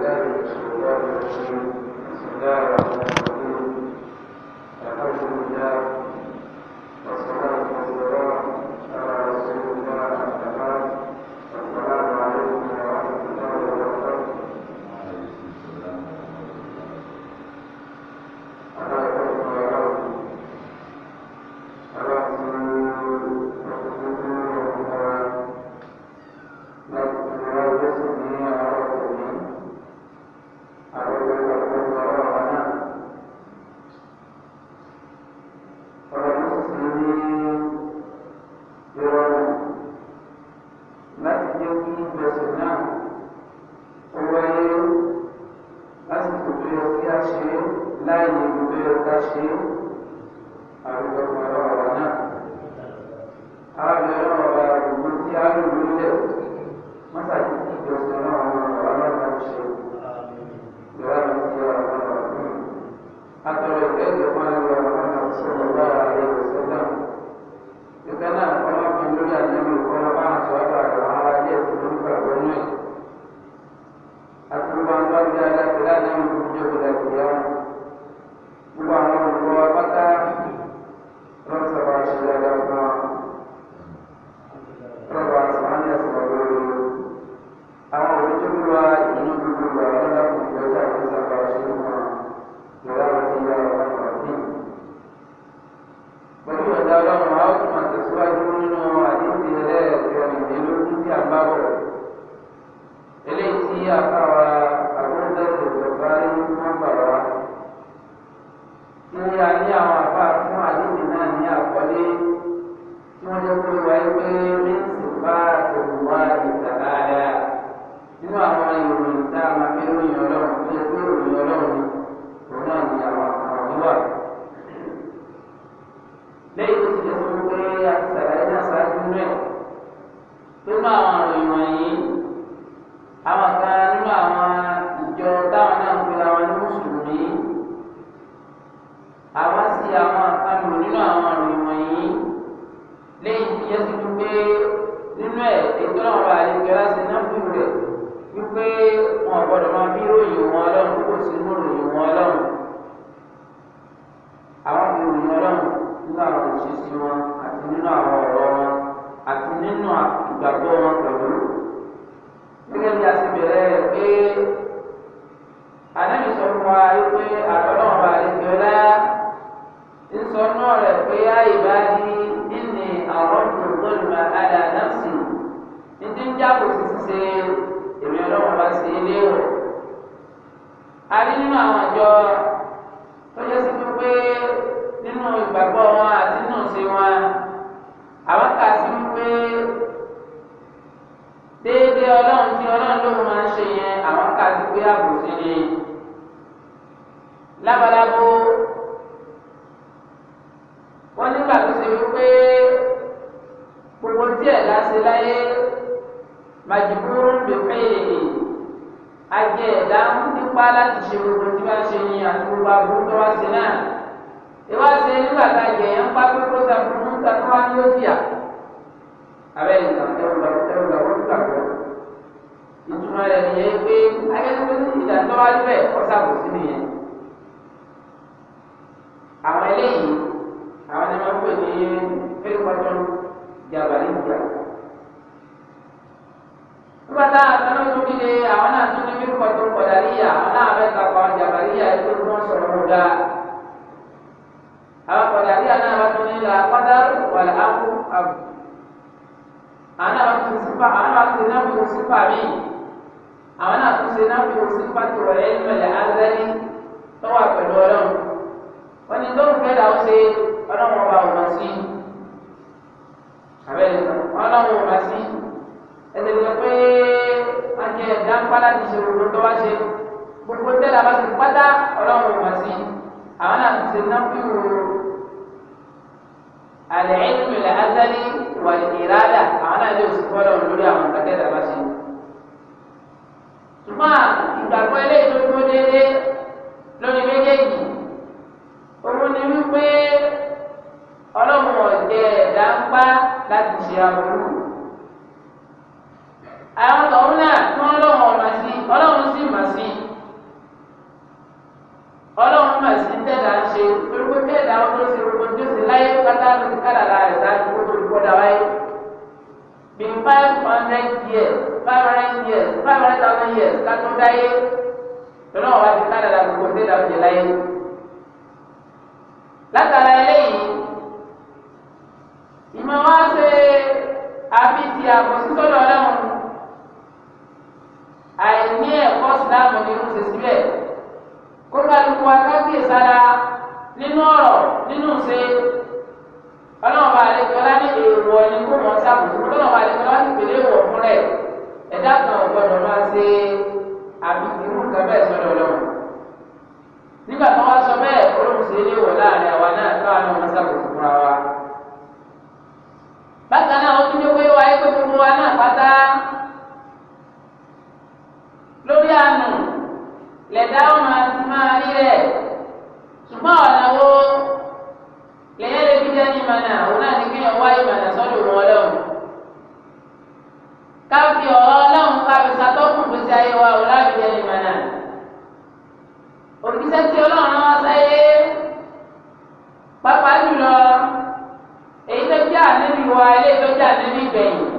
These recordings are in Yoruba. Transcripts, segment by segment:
الله الرحمن الرحيم الحمد لله nínú àwọn àjọ tó yẹ sí pé nínú ìgbàgbọ́ wọn àti nínú ìṣe wọn àwọn kà sí pé déédéé ọlọ́run tí ọlọ́run ló máa ń ṣe yẹn àwọn kà sí pé àbòsí ni lábalábó wọn nígbà tó ṣe wípé gbogbo díẹ̀ láṣẹ láyé màjìbúrú ń bèfẹ́ èyí ẹ̀dá ń pa láti ṣe gbogbo tí wọ́n ṣe ní àtúgbò àbúrò tó wá sí náà ìwá ṣe nígbà tá a yẹ̀yẹ́ ń pa pé kó ta fún un ta tó wá ní òjìyà abẹ́rẹ́ ìtàkùn ìtumọ̀ rẹ̀ nìyẹn pé akẹ́kọ̀ọ́ ní ìdájọ́ wá lẹ́bẹ̀ ọ̀sàkùn sí nìyẹn àwọn eléyìí àwọn ni wọ́n pè ní fẹ́rẹ́pọ̀tọ́ jàbá nígbà. nígbà táwọn a tó bí lè sípà míì àwọn náà tún ṣe náà fìlú sípà tó rẹ̀ ẹnu ẹ̀lẹ́ azẹ́lí tọ́wà pẹ̀lú ọlọ́run wọ́n ní tó ń fẹ́ dà ó ṣe ọlọ́run ọba ọ̀gbọ̀n sí i àbẹ́lẹ̀ ọlọ́run ọba sí i ẹ̀sẹ̀ tó pé ajẹ́ ẹ̀dá pátá ti ṣe gbogbo tó wá ṣe gbogbo tẹ́lẹ̀ abá ti pátá ọlọ́run ọba sí i àwọn náà tún ṣe náà fìlú five hundred thousand years kátún dáyé lọ́nà wà ti ká dàda gbogbo ṣé dàbí jẹ láyé. látara eléyìí ìmọ̀ wá ṣe àfi ti àbọ̀ lẹ́dá ọ̀nà àti máa rí rẹ̀ ṣùgbọ́n ọ̀nà wo lèyẹ́ lè fi jẹ́ ní ìmọ̀nà òun náà ní kéèyàn wá ìmọ̀nà sọ́dọ̀ wọn ọlọ́run ká fi ọ̀rọ̀ ọlọ́run ká fi ṣàtọ́kùn fún sí ayé wa òun láti jẹ́ ní ìmọ̀nà òrùkíṣẹ́ tí ọlọ́run náà sáyé pàápàá jùlọ èyí tó jẹ́ ànábì wa ilé tó jẹ́ ànábì gbẹ̀yìn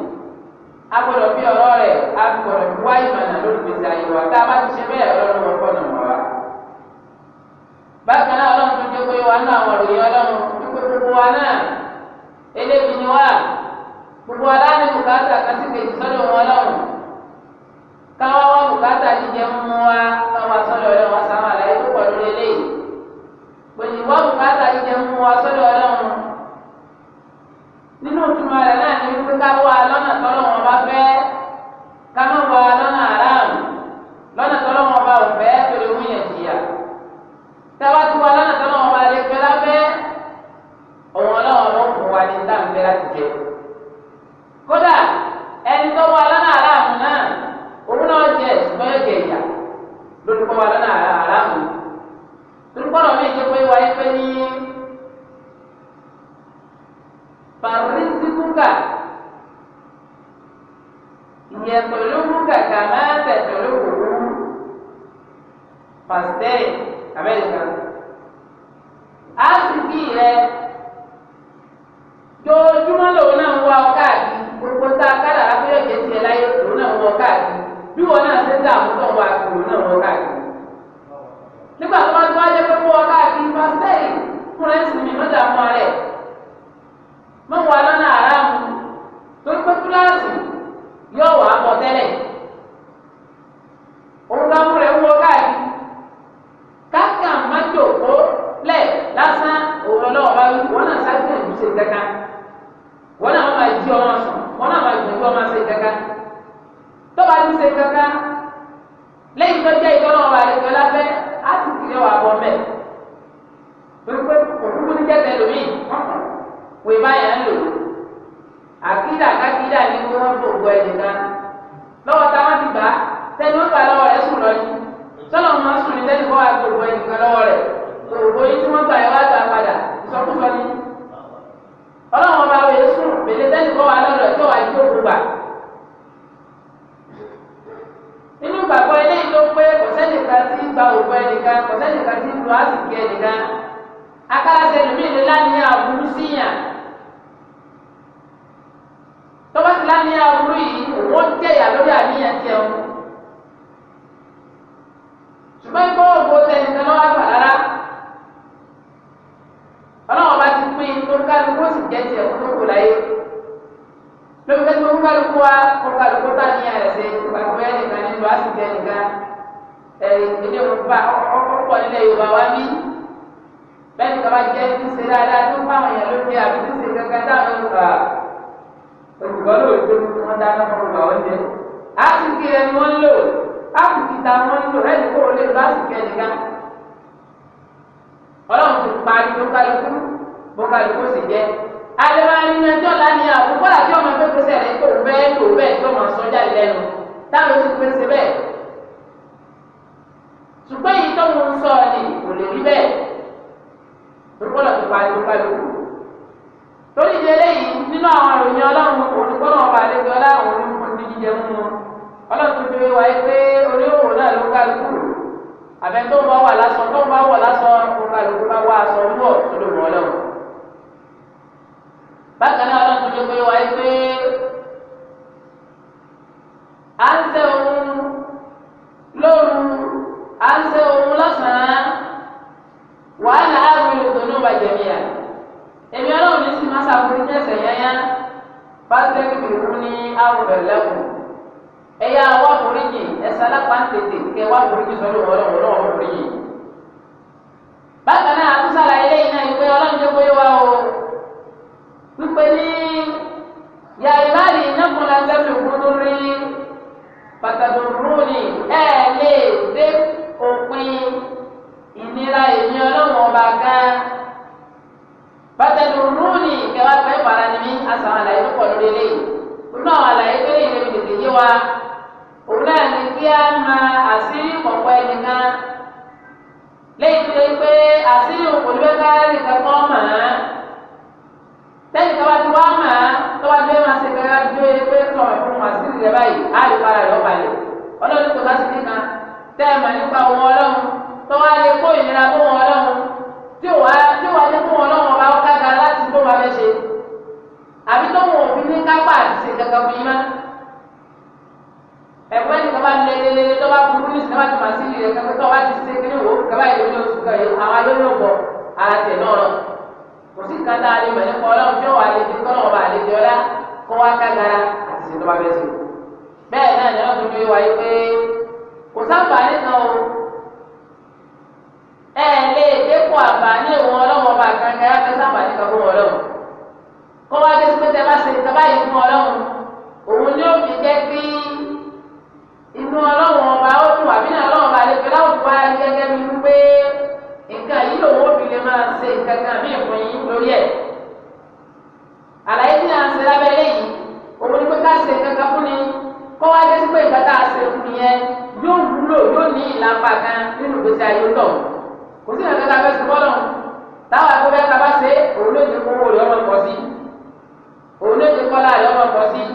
agbọ́dọ̀ bí ọ̀rọ̀ rẹ̀ agbọ́dọ̀ bí wáyé mànà lórí gbèsè ayé wa tá a bá ti ṣe bẹ́ẹ̀ ọlọ́run wọn fọ́nà wọn wa. bákan náà ọlọ́run tó jẹ́ pé wa náà àwọn òròyìn ọlọ́run wípé gbogbo wa náà eléyìí ni wá gbogbo wa láti bùkátà kan sí kejì sọ́dọ̀ ọlọ́run káwọn wá bùkátà jíjẹ mú wa káwọn sọ́dọ̀ ọlọ́run ṣùgbọ́n ikọ́ ògbó tẹ̀sí lọ́wọ́ àgbà rárá ọlọ́wọ́ bá ti pín kókàlùkù sì jẹ́ tiẹ̀ kó lóko láyé lóbi pé kókàlùkù wa kókàlùkù tá ní àrẹ̀sẹ̀ ìgbàgbọ́ yẹn nìkan nínú àsìkò nìkan ẹ̀ẹ́dẹ́gbẹ́ òkúpa ọ̀pọ̀ nílẹ̀ Yorùbá wá mí bẹ́ẹ̀ni kaba jẹ́ ti ṣe dáadáa tó fáwọn èèyàn lóde àbí ti ṣe kankan táwọn olùkọ́ olùkọ́ lóòótọ́ wọn dáná fún olùkọ́ wọn jẹ á sì kí ẹni wọn lò káàkiri ti ta wọn nílò ẹni kóró lè bá sì kẹ́ni ká ọlọ́run ti parí tó kálukú bó kálukú sì jẹ́ alẹ́wàárí ní ẹjọ́ lánìí àbúkọ́ àti ọmọ pé pèsè rẹ̀ kò bẹ́ẹ̀ kò bẹ́ẹ̀ tí ọmọ sọ́jà lẹ́nu táwọn oṣù pèsè bẹ́ẹ̀ ṣùgbọ́n èyí tó ń sọ ni kò lè rí bẹ́ẹ̀ rúkọ́lọ̀ ti parí tó kálukú torí ìdílé yìí nínú àwọn àròyìn ọlọ́run olùkọ́ náà wà lẹ́gbẹ̀ẹ́ ọlọ́run olùkọ́ ní jíjẹ mú wọn ọlọ́run tó fi wáyé pé onírúurú náà ló kálukú àbẹ̀tó ń bá wà lásán tó ń bá wà lásán kó kálukú bá wà aṣọ ń bọ̀ tó ló mọ̀ ọlọ́run. bákan náà ọlọ́run tó fi pé wáyé pé à ń tẹ ohun lóru à ń tẹ ohun lọ́sàn-án wàhálà áwìlì tó ní ìbàjẹ́ mi à. èmi ọlọ́run ní sinmi aṣáájú ní ẹsẹ̀ yẹn yá pásítẹ́kì kìlú ní àwùjọ lẹ́kùn ẹ̀yà wà foríjì ẹ̀sẹ̀ alápáǹtẹ̀tẹ̀ kẹ̀ wà foríjì sọ́dọ̀ ọlọ́run ọlọ́run foríjì. bákan náà àtúnṣàlà eléyìí náà ìpè ọlọ́run tó gbé wa o wípé ní yà ìbáàdì inákun làǹdẹ́bìlì kúndú rí pàtàkì rúni ẹ̀ lè dé òpin ìnira èmi ọlọ́run ọba gan pàtàkì rúni kẹwàá fẹ́ fara ni mí àtàwọn àlàyé tó pọ̀ lórí eléyìí nínú àwọn àlàyé tó lè rẹ̀ mi tètè yé wa òun náà ni kí á máa àṣírí pọ̀pọ̀ ẹnìkan léyìí tó yẹ pé àṣírí òkò ló fẹ́ ká nìkan kọ́ mọ̀ án lẹ́yìn tó bá ti wá mọ̀ án tó bá gbé máa ṣe kankan tó yẹ pé tọ̀ ẹ̀ fún àṣírí rẹ báyìí á lè para rẹ̀ ọ̀bàlẹ̀ ọlọ́run kò láti nìkan tẹ́ ẹ̀ mọ̀ nípa òun ọlọ́run tó wá lè kó ìnira fún òun ọlọ́run tí wàá tí wàá jẹ́ fún ọlọ́run ọba ó kága láti gbó máa fẹ́ ṣe àbí tó wọn òfin ní ẹ̀wọ́n ní kaba lẹ́lẹ́lẹ́lẹ́ tó bá burú ní sinimá tó máa sí ilé kẹfẹ́ tó bá ti ṣe kí ni wò kaba yìí lóyún oṣù kan yìí àwọn alóyún bọ̀ ara tẹ̀ náà rọ. kò sí kata alẹ́ mọ̀ nípa ọlọ́run tí wọ́n alẹ́ ti kọ́ náà wọ́n alẹ́ ti ọlá kó wá kágara àti ṣe tó bá bẹ́ẹ̀ sùn. bẹ́ẹ̀ náà ni wọ́n tún fi wáyé pé kò sábà nìkan o ẹ lè dẹ́kun àǹfààní ìwọ̀n ọlọ́run ọba kankan ẹ sábà nìkan fún ọlọ́run kó wá dé sí pé tẹ bá ṣe tẹ bá yìí fún ọlọ́run òun ni ó fi jẹ́ kí inú ọlọ́run ọba ó tún wà nínú ọlọ́run ọba lè fi láwùjọ wá gẹ́gẹ́ bí wípé nǹkan yìí lòun òbí lè máa ṣe nǹkan kan mí ìfún yín lórí ẹ̀. àlàyé tí a ń ṣe lábẹ́ lẹ́yìn òun ni pé ká ṣe nǹkan kan fún ni kó wá jẹ́ sí pé nǹkan tá a ṣe fún yẹn yóò wúlò yóò ní ìlànà kan nínú ìgbésí ayé lọ. kò sí nǹkan tá a fẹ́ ṣe bọ́lọ̀ táwọn akọ́bẹ́ tá a bá ṣe òun ló ti kó owó rẹ̀ ọmọ pọ̀ sí òun ló ti kọ́ láàrin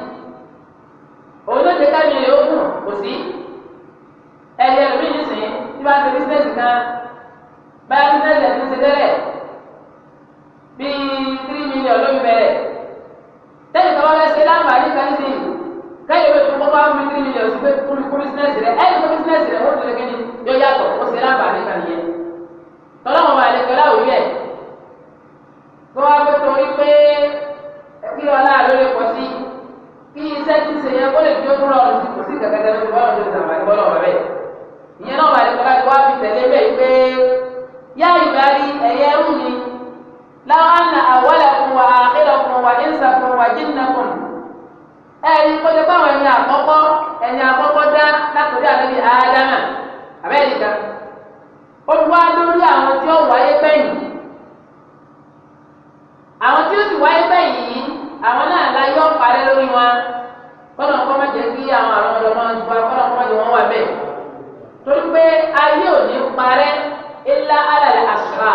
sí ẹ̀yẹ lómi nísìnyí tí wọ́n á ṣe bísíǹsì kan báyà bísíǹsì ẹ̀ ti ń ṣe tẹ́lẹ̀ bíi three million ló ń bẹ̀rẹ̀ tẹ́lẹ̀ tó wọ́n fẹ́ ṣe láǹfààní kan sí kẹ́yìn ló ti kọ́kọ́ wá fún three million sí pé kúrú bísíǹsì rẹ̀ ẹ̀yìn tó bísíǹsì rẹ̀ wọ́n ti lè kéde yóò yàtọ̀ ó ṣe láǹfààní kan yẹn tọ́lọ́mọba àlekọ́lá òwúyẹ̀ tó wá pé torí pé kí ọlá ló lè pọ̀ sí i kí iṣẹ́ tí ṣe yẹn kó lè fi ọdún lọ́wọ́ sí kò sí kẹ̀kẹ́tẹ́ lórí bọ́lá lórí ìtàn àti bọ́lá ọ̀rẹ́ bẹ́ẹ̀. ìyẹn náà bàlẹ̀ kọ́lá wá fi tẹ̀lé bẹ́ẹ̀ pé yá ìbárí ẹ̀yẹ ń ni láwọn àna àwọlẹ̀kùn wà àkìlọ̀kùn wà ìnsàkùn wà jínnàkùn. ẹni kó lè báwọn ẹni àkọ́kọ́ ẹni àkọ́kọ́ dá látòrí àlẹ́bí ádámà àbẹ́ẹ̀dìkan. olùwà lórí àwọn tí ó wáyé bẹ́yìn àwọn tí ó sì wáyé bẹ́yìn àwọn náà la yọ parẹ́ lórí wọn kọ́nà kọ́ má jẹ́ kí àwọn àrùn ọ̀dọ́ máa ń gba kọ́nà kọ́ má jẹ́ wọ́n wà bẹ́ẹ̀ torí pé ayé ò ní parẹ́ ilá alàlẹ́ àṣírà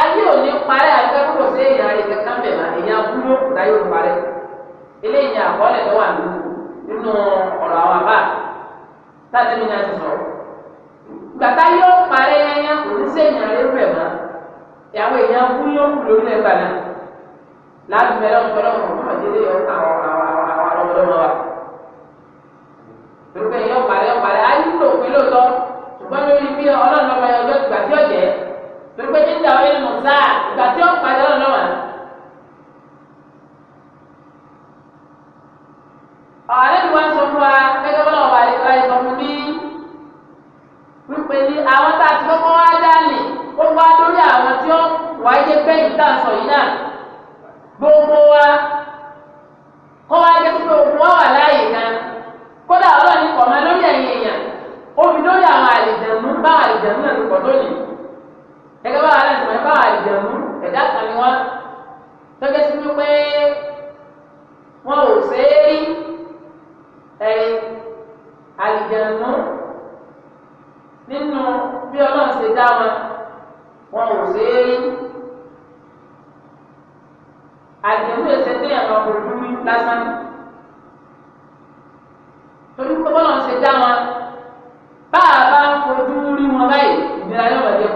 ayé ò ní parẹ́ àgbẹ̀kọ́ kò sí èèyàn rẹ̀ kankan bẹ̀ mà èèyàn kúrò láyé ò parẹ́ eléyìí ni àkọọ́lẹ̀ tó wà nínú ọ̀rọ̀ àwọn àbá táàtẹ́ mi ní a ti sọ̀rọ̀ gbàtà yóò parẹ́ yẹn kò ní sí èèyàn rẹ̀ rẹ̀ mọ́ àwọn èèyàn kú yóò kú lórí ẹgbàá náà láti bẹ̀rẹ̀ ọ̀pọ̀lọpọ̀ ọ̀jẹ̀dẹ̀ yọ àwọn àwọn ọmọdé wa. Pèpè yọ pàrẹ́ pàrẹ́ ayé ló pé lóòótọ́ ṣùgbọ́n lórí bí ọlọ́run ọmọ ẹ̀yọ́ ìgbà tí ọ̀jẹ̀ pèpè jíjà ọ̀yẹ́ mọ̀ sáà ìgbà tí ọ̀pá gbogbo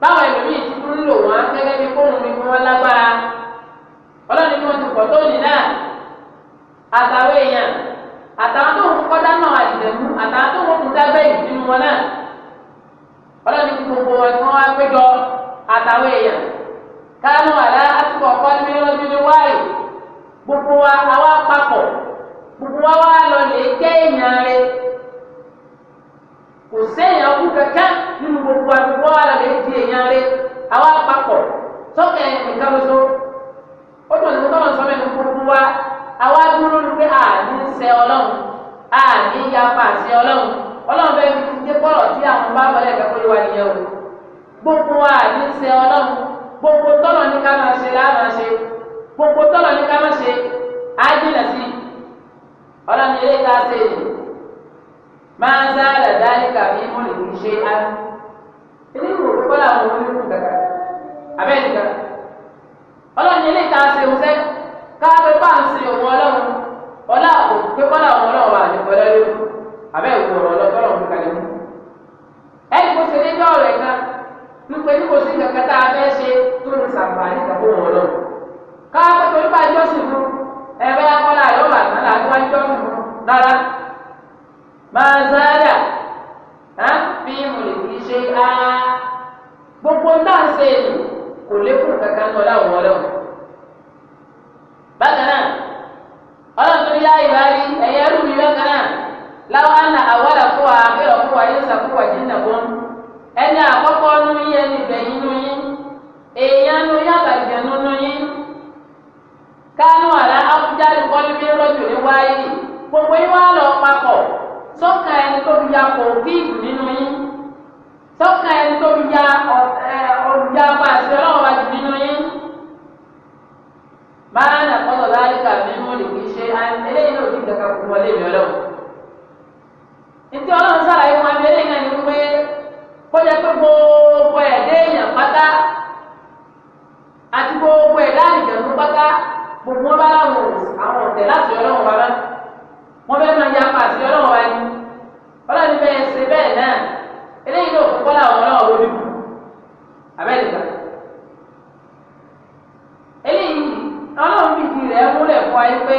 báwọn ẹlòmíì ti kúrú lò wọn gẹ́gẹ́ bí fóònù mi fún wọn lágbára ọlọ́ni ni ti pọ̀ tóní náà àtàwọn èèyàn àtàwọn tó ń kọ́dá náà àdìdẹ̀mú àtàwọn tó ń kún sábẹ́ ìdínú wọn náà ọlọ́ni ti gbogbo wọn kí àtàwọn èèyàn àlá àtúkọ̀ ọ̀kọ́ ní ní wáyé gbogbo wa gbogbo wa lọ lè jẹ́ èèyàn kò sẹ́yìn ọkú kankan nínú gbogbo àdúgbò ara lè di èèyàn àpapọ̀ nǹkan lóso ó wa àwa dúró ní pé àní sẹ ọlọ́run àní ọlọ́run ọlọ́run bẹ́ẹ̀ fi tí àwọn bá wọlé o gbogbo wa àní sẹ ọlọ́run gbogbo tọ́lọ̀ ní ká máa ṣe láàmà ṣe gbogbo tọ́lọ̀ ní ká máa ṣe á jìnà sí ọlọ́run ilé ṣe máa ń sáàlà dáríkà bí wọ́n lè fi ṣe á. ilé ìwò tó kọ́lá àwọn olóyún kàkà abẹ́ nìkan. ọlọ́run ilé ìta ṣe òun sẹ́ káwé páàsì òun ọlọ́run ọlá kò pé kọ́lá àwọn ọlọ́run wà nípa ọlọ́run abẹ́ òun ọ̀rọ̀ ọlọ́run kalẹ̀ mú. ẹni kò ṣe ní dọ́ọ̀rọ̀ ẹ̀ kan nípa ní kò sí kankan tá a fẹ́ ṣe tó ń sàǹfààní ìtàkùn òun ọlọ́run. káwé pé torí fún ẹ̀ bá yá kọ́lá máa záàdà á fi mùlìkì ṣe á gbogbo náà ṣe èlò kò lékún kankan lọ láwọn ọlọ́run bákan náà ọlọ́run tó ẹ̀yẹ mi bákan náà na àwọ̀dà fún wa fún wa jìnnà ẹni àkọ́kọ́ nú yín ẹni nú yín èèyàn nú yín àbàjẹ́ nú nú yín kánú gbogbo yín wá lọ sọ́kàn ẹni tó ya kọ̀ọ̀kíìbù nínú yín sọ́kàn ẹni tó ya ọ̀dùnjà pàṣẹ ọlọ́run wájú nínú yín máa nà kọ́tọ̀ láyíká nínú lè kí ṣe eléyìí ló ti dàgbà kú wọlé mi ọlọ́run ntí ọlọ́run sàlàyé wọn abẹ́ eléyìí náà ni wípé kọjá pé gbogbo ẹ̀dá èèyàn pátá àti gbogbo ẹ̀dá àlìjẹ̀nu pátá gbogbo wọn bá ọ̀tẹ̀ láti ọlọ́run bàbá wọn bẹ́ẹ̀ máa ya pàṣẹ ọlọ́run wáyé ọlọ́run bẹ́ẹ̀ ṣe bẹ́ẹ̀ náà eléyìí ló kọ́kọ́ làwọn ọlọ́run ló dìbò abẹ́rẹ́ eléyìí ọlọ́run fìdí rẹ̀ múlẹ̀ fún ayé pé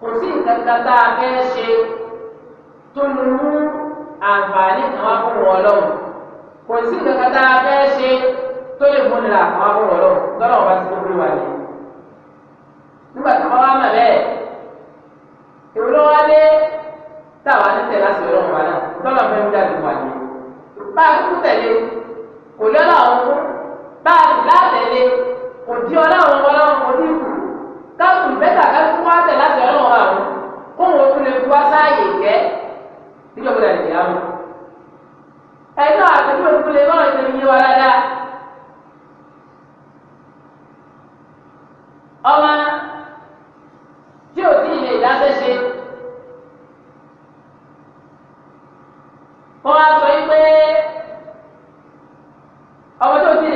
kò sí nǹkan kan a fẹ́ ṣe tó lè mú àǹfààní kan wá fún wọn lọ́wọ́ kò sí nǹkan kan tá a fẹ́ ṣe tó lè mú nira kan wá fún wọn lọ́wọ́ tọ́lọ́wọ́n bá ti tó kúrò wáyé nígbà tí wọ́n wá mọ̀ bẹ́ẹ̀ èmi ló wá dé táwa ní tẹ̀lé àṣẹ ọlọ́run wa náà tọ́lọ̀ fẹ́ ń jáde wà ní. bá a kúkú tẹ̀lé kò lé ọlọ́run fún bá a sì látẹ̀lé kò dí ọlọ́run ọlọ́run kò ní kù káàkùn bẹ́tà káàkùn wá tẹ̀lé àṣẹ ọlọ́run wa mú kóhùn òkú lè fún wa sáàyè jẹ́ níjọba ìdílé àwọn. ẹ̀dọ́ àtẹ̀jú òkú lè bọ́ọ̀ ṣe yé wa dáadáa. ọmọ tí ò tí ì lè dáṣẹ́ ṣe. wọ́n wá sọ yí pé ọmọ tó ti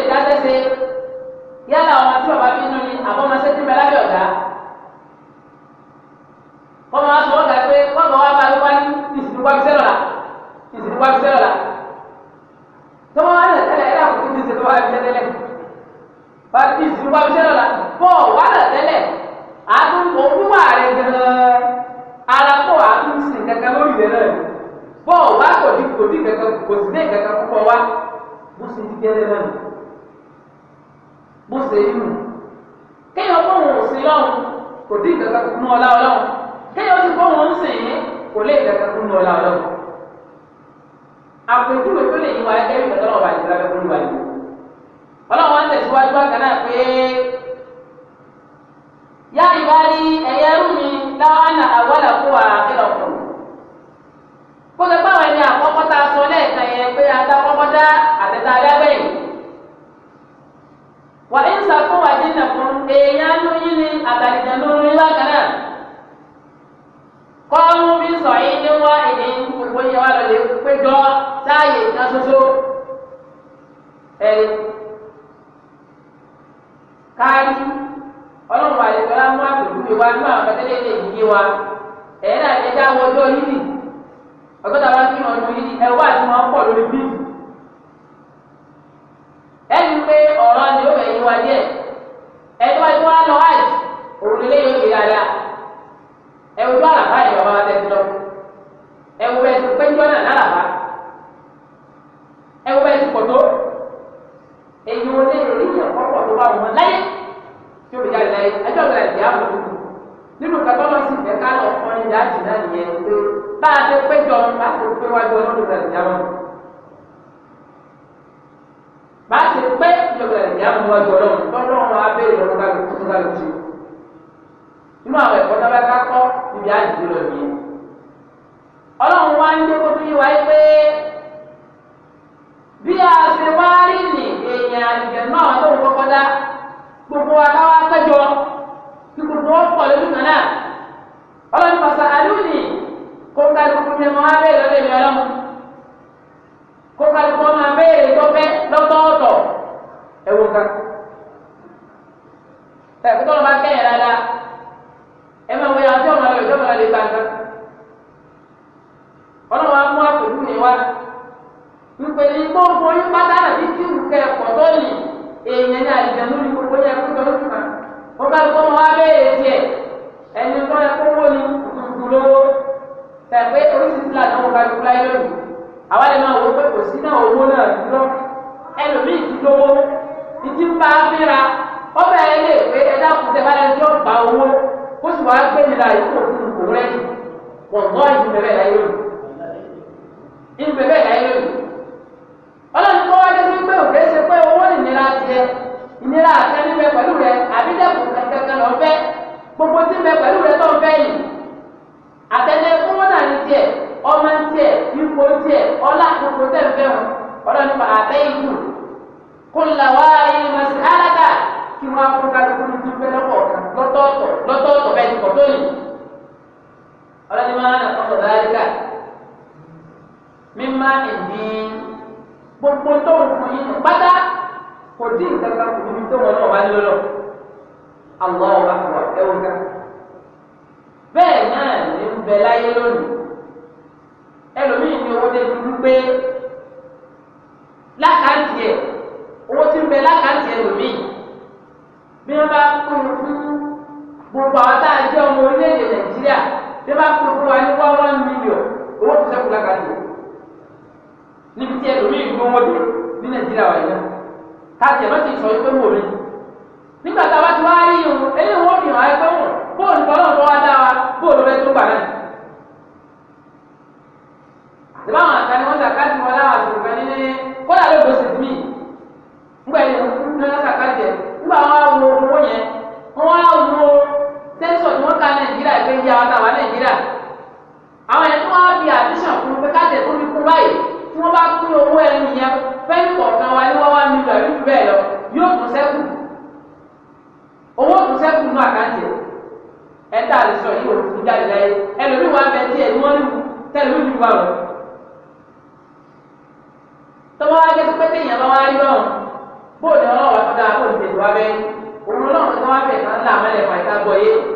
ya èèyàn ló yín ni àtàlìjàn ló rí bákan náà kọ́ọ̀mù bí sọ̀yí ní wá wa gbogbo yẹn wá lọ́lẹ̀ péjọ sáàyè kan ṣoṣo ẹ̀rí kárí ọlọ́run wà lẹ́tọ́ lámú àpèjúwe wa nínú àwọn akẹ́tẹ́lẹ́ ilé wa wa ni wa ẹni wáyé tó wá lọ hajj òun lè yóò di dáadáa ẹwù tó àlàfà yìí bàbá wa tẹ̀sí lọ ẹwù bẹ́ẹ̀ tó péjọ náà lálàfà ẹwù bẹ́ẹ̀ tó pọ̀tó èyí wọn lè rí yàn kọ́kọ́ tó bá wọn láyé tí ó fi jáde láyé ẹjọ́ ìgbà ìdí àwọn òkú nínú kàtọ́ lọ sí ìfẹ́ ká lọ fún ẹja àti náà nìyẹn pé bá a ti péjọ bá a ti pé wájú ọlọ́run ìgbà ìdí ìjọba ìdí àwọn wájú ọlọ́run tó fẹ́ lọ sí inú àwọn ẹ̀kọ́ tó bá ká kọ́ níbi àjùlọ lọ nìyẹn ọlọ́run wá ń dé kó tún yí wáyé pé bí a ṣe wá rí ní èèyàn àjùjẹ náà tó ń kọ́kọ́ dá gbogbo wa káwá péjọ kí gbogbo wọn pọ̀ lójú kan náà ọlọ́run pàṣẹ àlùní kó ń kájú kúkú ní wọn á bẹ̀rẹ̀ lọ́dẹ̀ mi ọlọ́run kó ń kájú kó ń máa bẹ̀rẹ̀ tó fẹ́ lọ́tọ̀ọ̀tọ̀ kan tẹ̀kú tọ́lọ́ bá kẹ́yìn dáadáa ẹ máa wọlé àti ọ̀nà ìjọba ọ̀nà lè gbàgbá ọlọ́wọ́ á mú àpòlù ní wá nípe ní gbogbo yín pátá náà ti ti wùkẹ́ ẹ̀kọ́ tó lì èèyàn ní àlìjẹ́ lórí gbogbo yẹn kó tọ́lọ́ tó máa wọ́n bá gbọ́ wọn wá béèrè tiẹ̀ ẹni tó yẹ kó wó ni gbogbo lówó tẹ̀pẹ́ oríṣiríṣi làtọ́ wọn bá gbogbo láyé lónìí àwa lè máa wọ pé kò sí náà owó náà dúró ẹlòmíì ti lówó ìdí ń bá a fẹ́ra dákun tẹ bára ẹni tí ó gba owó kó sì wá gbé nira ìkó fún kò rẹ wọn gbọ́ ìbẹ̀rẹ̀ láyé lónìí ìbẹ̀rẹ̀ láyé lónìí ọlọ́run kọ́ wájú ní pé òkè ṣe pé owó ìnira tiẹ̀ ìnira àtẹnubẹ pẹ̀lú rẹ àbídẹ́kùn kankan lọ fẹ́ gbogbo tí bẹ pẹ̀lú rẹ tó ń fẹ́ yìí àtẹnẹ fúnwọ́n náà ní tiẹ̀ ọmọ tiẹ̀ ipò tiẹ̀ ọlá gbogbo tẹ̀ ń fẹ́ wọn ọlọ́run fà abẹ́ ìlú kó ń la wá ilé mọ̀sí alága kí wọ́n á kó kálukú ní pípẹ́ lọ́kọ̀ọ̀kan lọ́tọ̀ọ̀tọ̀ lọ́tọ̀ọ̀tọ̀ bẹ́ẹ̀ ti kọ̀ tó yìí. ọlọ́ni máa ń sọ̀rọ̀ dáríkà mímá ìdí gbogbo tó ń fún yín pátá kò dín kankan kò ní tó wọn náà wá lọ́lọ́ àwọn ọba kọ̀ ẹ̀wọ̀n ká. bẹ́ẹ̀ náà ní ń bẹ láyé lónìí ẹlòmíì ní owó dé dúdú lákàntì ẹ̀ owó ti ń bẹ lákàntì ẹlòmíì bí wọ́n bá pín fún gbogbo àwọn tá à ń jẹ́ ọmọ orílẹ̀-èdè nàìjíríà bí wọ́n bá pín fún wa ní one one million owó tó sẹ́kù lákàtà níbi tí ẹlòmíì gbọ́mọdé ní nàìjíríà wà yẹn káàtì ẹ̀ má ti sọ pé wò rí nígbà tá a bá ti wá rí ìhun eléyìí wọ́n fi hàn ẹgbẹ́ wọn bóòlù kọ́lọ́ tó wá dá wa bóòlù rẹ tó gbà náà. ìbá wọn àtà ni wọ́n ṣàkáàtì wọn láwọn àtùkù kan nílé kọ́lá ta nàìjíríà gbé yá wa táwa nàìjíríà àwọn ẹni tí wọ́n fi àdísàn kún pé káàtẹ tó ní kú báyìí tí wọ́n bá kú owó ẹni yẹn fẹẹ kọ̀ọ̀kan wa ní wọn wá mi lọ yóò bẹ́ẹ̀ lọ yóò tún ṣẹ́kù owó tún ṣẹ́kù nù àkáǹtì ẹ tá a lè sọ yìí òfin jáde láyé ẹlòmíì wà bẹ tí ẹni wọn lù tẹlifí ju wa lọ tọwọ wá jẹ pé téèyàn bá wá rí lọ bóòdù ọlọ́wọ́ tó dáa bóòdù tètè wá bẹ́ẹ̀ tó wá bẹ̀ kán láàmú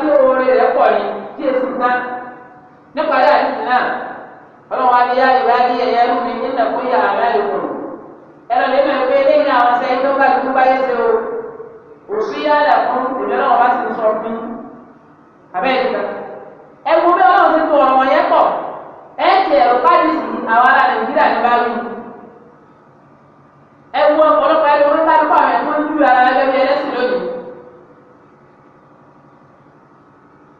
tí oore rẹ̀ pọ̀ ni tí èsì ná nípa yà ní ìlànà ọlọ́wọ́n adéyá ìwádìí ẹ̀yà ẹ̀rú mi nínú ẹ̀kọ́ yà àmàlẹ́kùn ẹ̀rọ lè máa gbé lẹ́yìn àwọn sẹ́yìn tó bá dúró báyé ṣe o òsì yàrá fún ìrẹ́lẹ̀ wọn bá ti sọ fún un abẹ́ẹ̀ nígbà ẹ̀kú bí ọlọ́run ti tó ọ̀rọ̀ yẹn pọ̀ ẹ̀ ń tẹ̀ ẹ̀rọ pàdísì àwọn ará Nàìjíríà ní báwí ẹ̀wù ọ̀pọ̀lọpọ̀ ẹ̀rọ orí kálukọ̀ àwọn ẹ̀kú ń dúró ara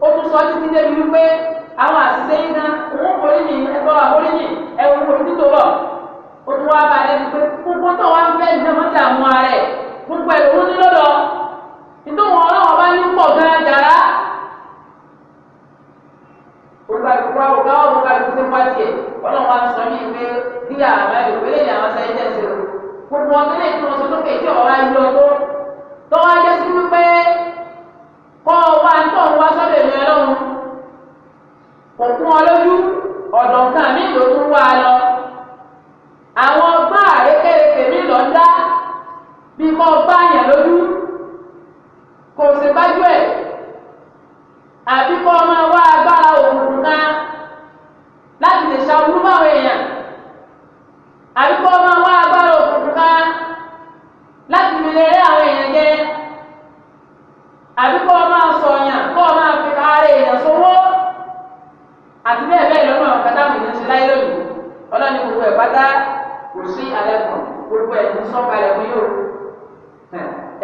ó tún sọ títí débi wípé àwọn àṣìṣe yìí gan òun oríyìn ẹgbọ́ oríyìn ẹ̀wọ̀n kò títò lọ ó tún wá bá lẹ́nu pé gbogbo tó wá ń fẹ́ ìdílé wọn ti àwọn ara ẹ̀ gbogbo ẹ̀ lòun ní lọ́dọ̀ ìtòwọn ọlọ́wọ́ bá ní pọ̀ gan jàrá olùkàlùkù wa òkà olùkàlùkù ti wá tiẹ̀ ọlọ́wọ́ á sọ mí pé bí àwọn ìwé ìyàwó sẹ́yìn jẹ́ sí gbogbo ọdún lè tún ọsọ lókè tí ọ̀ kò kún ọ lójú ọ̀dọ̀ nǹkan mi ló tún wá lọ àwọn ọgbà àrékèrèké mi lọ dá bí kò bá yàn lójú kò sì gbájú ẹ̀ àbí kò máa wá agbára òògùn kan láti lè ṣàwùrú báwọn èèyàn àbí kò máa wá agbára òògùn kan láti lè rẹ́ àwọn èèyàn jẹ àbí kò máa. àti bẹ́ẹ̀ bẹ́ẹ̀ lọ́nà kátà mi ní ti láyé lónìí ọlọ́ni gbogbo ẹ̀ pátá kò sí alẹ́kùn gbogbo ẹ̀ ní sọ́kalẹ̀ fún yóò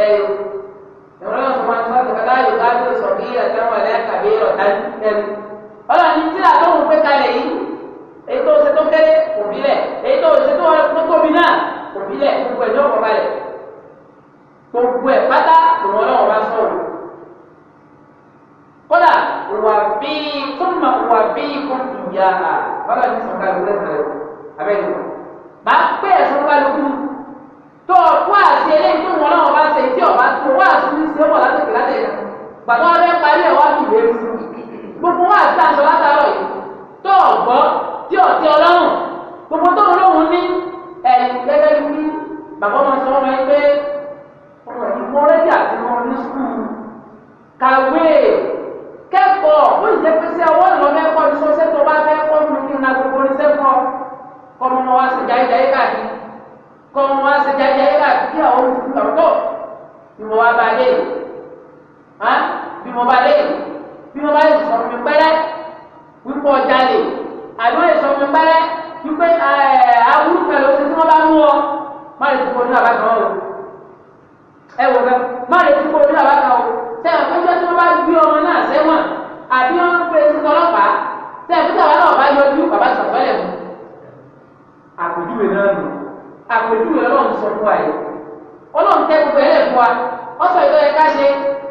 ẹ ìrọ̀lẹ́ ọ̀sùnmọ́ ní sọ́ọ̀tì kátà yóò bá tó sọ bí ẹ̀tẹ́wọ̀n ẹ̀kàbí ọ̀tá ẹ̀mí ọlọ́ni tí àtọ́hùn pé kalẹ̀ yìí èyí tó ṣe tó kéré kò bí lẹ̀ èyí tó ṣe tó tóbi náà kò bí lẹ̀ gbogbo ẹ̀ ní ọ̀pọ̀ balẹ̀ gbogbo ẹ̀ pátá ìlà bàbá mi sọ̀rọ̀ ìlú lẹ́sẹ̀ a abẹ́rẹ́ máa ń pè é sọ́kọ́ lókun tó wá sí eléyìí tó wọn náà wá sí tí ọba tó wá sí ní sẹ́wọ̀n látòkè látẹ̀ gbàgbọ́ pọ̀ bí mo bá ba dé bí mo bá dé bí mo bá lè sọ fún mi pẹ́rẹ́ wípé ọjà lè àbí wọ́n lè sọ fún mi pẹ́rẹ́ wípé awúrú pẹ̀lú oṣù tí wọ́n bá mú ọ má lè tukọ̀ ní àbákan o ẹ wò bẹ́ẹ̀ má lè tukọ̀ ní àbákan o sẹ́wọ̀n péjọ tí wọ́n bá gbé ọmọ náà sẹ́wọ̀n àbí wọ́n ń pe ti tọlọ́pàá sẹ́wọ̀n péjọ àwọn náà yọjú bàbá sọ̀tọ́lẹ̀ mu àpèjúwe náà nù àpèjúwe ọlọ́run sọ fún wa yìí ọlọ́run tẹ gbogbo ẹlẹ́ fún wa ọsọ ìtọ́ yẹ ká ṣe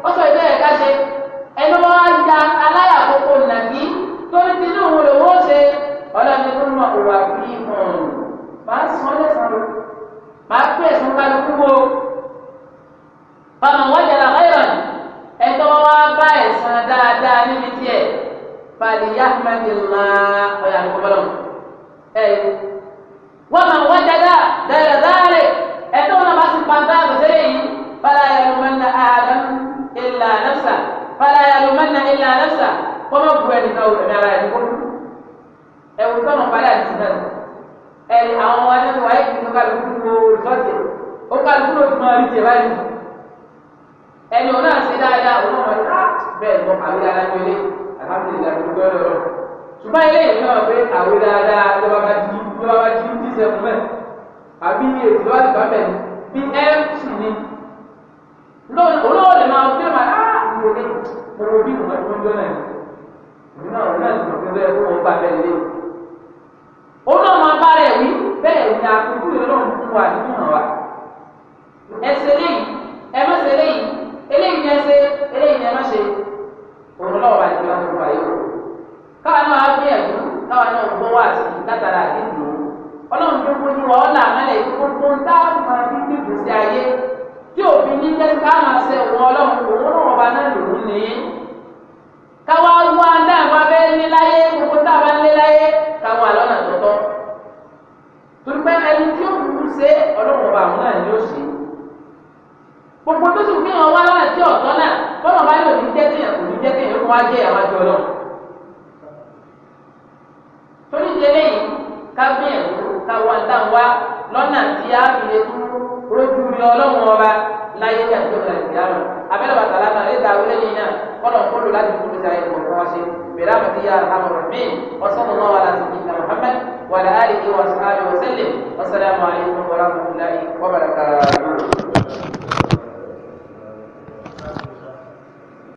ọsọ ìtọ́ yẹ ká ṣe ẹni wọn á da aláyà àkókò nàbí torí tinú òun lòun ó ṣe ọlọ́run tó mọ òwà bí mọ̀ máa sún ọ́ lẹ́sàn-án lọ máa pè é kálukú wo bàmà wọ́n jẹ̀rọ ayọ̀n ẹ̀tọ́ wa bá ẹ̀sán dáadáa níbi tiẹ̀ fàlìyà mẹ́tìlá ọ̀yà àkókò bọ́lọ̀ ẹ̀ wọ́n máa wọ́n jẹ̀dá dáadáa. la yalumanna illa nafsa kọ́mọ buru ẹnìkan wò ní ara ẹni kó dúró ẹ̀wù tọ́nà balẹ̀ àti náà ẹ̀yìn àwọn ọmọ ẹni wọ́n ayé kìnnìkan kálukú ló rìsọ́ọ̀tì ó kálukú ló ti máa rí jẹ báyìí ẹni òun náà ṣe dáadáa òun náà ah, wọ́n ká bẹ́ẹ̀ mọ àwé dáadáa ní ilé alhamdulilayi gbogbo ẹ̀rọ rẹ̀ ṣùgbọ́n ilé yìí náà pé àwé dáadáa lọ́ba bá jí lọ́ba bá jí jí sẹ́fún mẹ́ àbí èsì lọ́ba ti bá bẹ̀ ní bí ẹ̀ ń sì ní olóòlè máa fi máa á ìwé tọrọ ojú ìmọ̀ tó ń jọ náà ìlú náà òun náà sọ̀rọ̀ pé bẹ́ẹ̀ kó wọ́n bá bẹ́ẹ̀ lé. ó náà máa bá rẹ̀ wí bẹ́ẹ̀ ni àkókò ìlọ́run fún wa nínú wa. ẹsẹ̀ lẹ́yìn ẹ má ṣe lẹ́yìn eléyìí ni ẹ ṣe eléyìí ni ẹ má ṣe.